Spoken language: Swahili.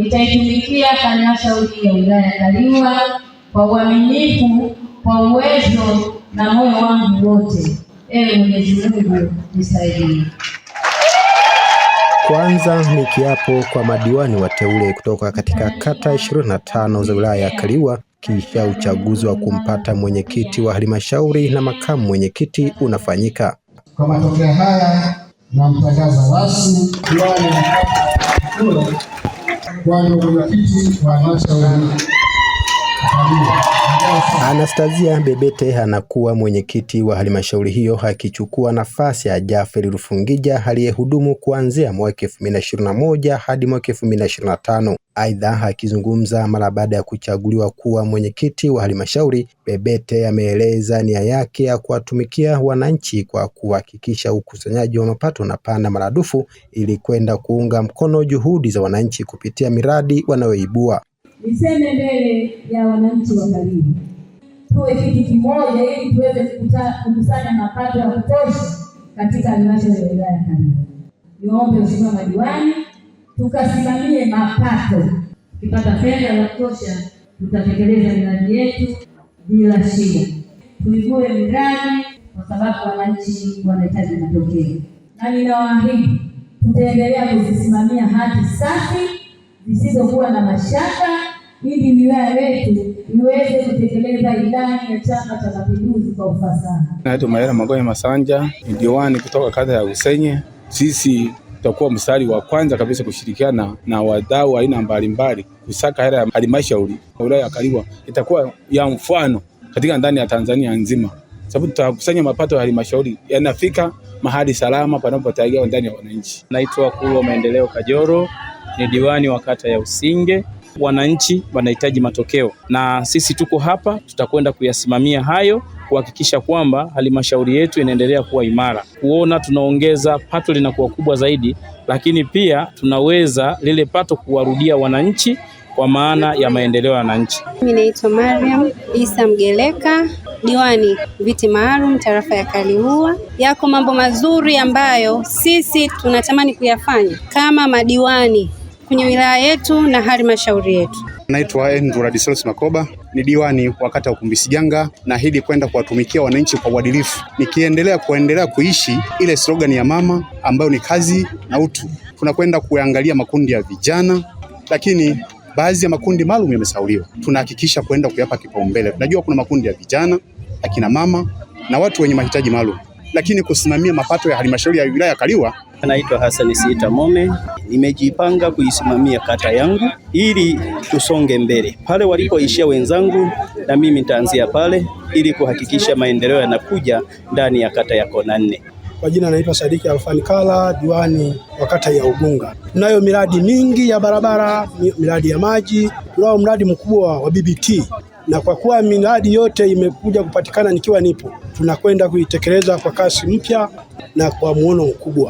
Nitaitumikia halmashauri ya wilaya ya Kaliua kwa uaminifu, kwa uwezo na moyo wangu wote. Ewe Mwenyezi Mungu nisaidie. Kwanza ni kiapo kwa madiwani wateule kutoka katika kata 25 za wilaya ya Kaliua, kisha uchaguzi wa kumpata mwenyekiti wa halmashauri na makamu mwenyekiti unafanyika. Kwa matokeo haya namtangaza rasmi Bwana mwenyekiti wa halmashauri Anastasia Bebete anakuwa mwenyekiti wa halmashauri hiyo akichukua nafasi ya Jaferi Rufungija aliyehudumu kuanzia mwaka 2021 hadi mwaka 2025. Aidha, akizungumza mara baada ya kuchaguliwa kuwa mwenyekiti wa halmashauri, Bebete ameeleza nia yake ya kuwatumikia wananchi kwa kuhakikisha ukusanyaji wa mapato unapanda maradufu ili kwenda kuunga mkono juhudi za wananchi kupitia miradi wanayoibua. Niseme mbele ya wananchi wa karibu tuwe kitu kimoja, ili tuweze kukusanya mapato ya kutosha katika halmashauri ya wilaya ya Kariakoo. Niombe waheshimiwa madiwani, tukasimamie mapato. Tukipata fedha za kutosha, tutatekeleza miradi yetu bila shida. Tuigue miradi kwa sababu wananchi wanahitaji matokeo, na ninawaahidi tutaendelea kuzisimamia hati safi zisizokuwa na mashaka ili wilaya yetu iweze kutekeleza ilani ya Chama cha Mapinduzi kwa ufasaha. Naitwa Mayela Magonya Masanja, ni diwani kutoka kata ya Usenye. Sisi tutakuwa mstari wa kwanza kabisa kushirikiana na wadau aina mbalimbali kusaka hela ya halmashauri ya wilaya ya Kaliwa itakuwa ya mfano katika ndani ya Tanzania nzima, sababu tutakusanya mapato ya halmashauri yanafika mahali salama panapotarajiwa ndani ya wananchi. Naitwa Kulwa Maendeleo Kajoro, ni diwani wa kata ya Usinge. Wananchi wanahitaji matokeo, na sisi tuko hapa, tutakwenda kuyasimamia hayo kuhakikisha kwamba halmashauri yetu inaendelea kuwa imara, kuona tunaongeza pato linakuwa kubwa zaidi, lakini pia tunaweza lile pato kuwarudia wananchi kwa maana ya maendeleo ya wananchi. Mimi naitwa Mariam Isa Mgeleka, diwani viti maalum tarafa ya Kaliua. Yako mambo mazuri ambayo sisi tunatamani kuyafanya kama madiwani kwenye wilaya yetu na halmashauri yetu. Naitwa Andrew Ladislaus Makoba, ni diwani wa kata ya Ukumbisijanga. Naahidi kwenda kuwatumikia wananchi kwa uadilifu, nikiendelea kuendelea kuishi ile slogan ya mama ambayo ni kazi na utu. Tunakwenda kuangalia makundi ya vijana, lakini baadhi ya makundi maalum yamesauliwa. Tunahakikisha kwenda kuyapa kipaumbele. Tunajua kuna makundi ya vijana, akina mama na watu wenye mahitaji maalum, lakini kusimamia mapato ya halmashauri ya wilaya Kaliwa anaitwa Hassan Sita Mome, nimejipanga kuisimamia kata yangu ili tusonge mbele pale walipoishia wenzangu, na mimi nitaanzia pale ili kuhakikisha maendeleo yanakuja ndani ya kata ya Kona Nne. Kwa jina anaitwa Sadiki Alfani Kala, diwani wa kata ya Ugunga. Tunayo miradi mingi ya barabara, miradi ya maji, tunao mradi mkubwa wa BBT na kwa kuwa miradi yote imekuja kupatikana nikiwa nipo, tunakwenda kuitekeleza kwa kasi mpya na kwa muono mkubwa.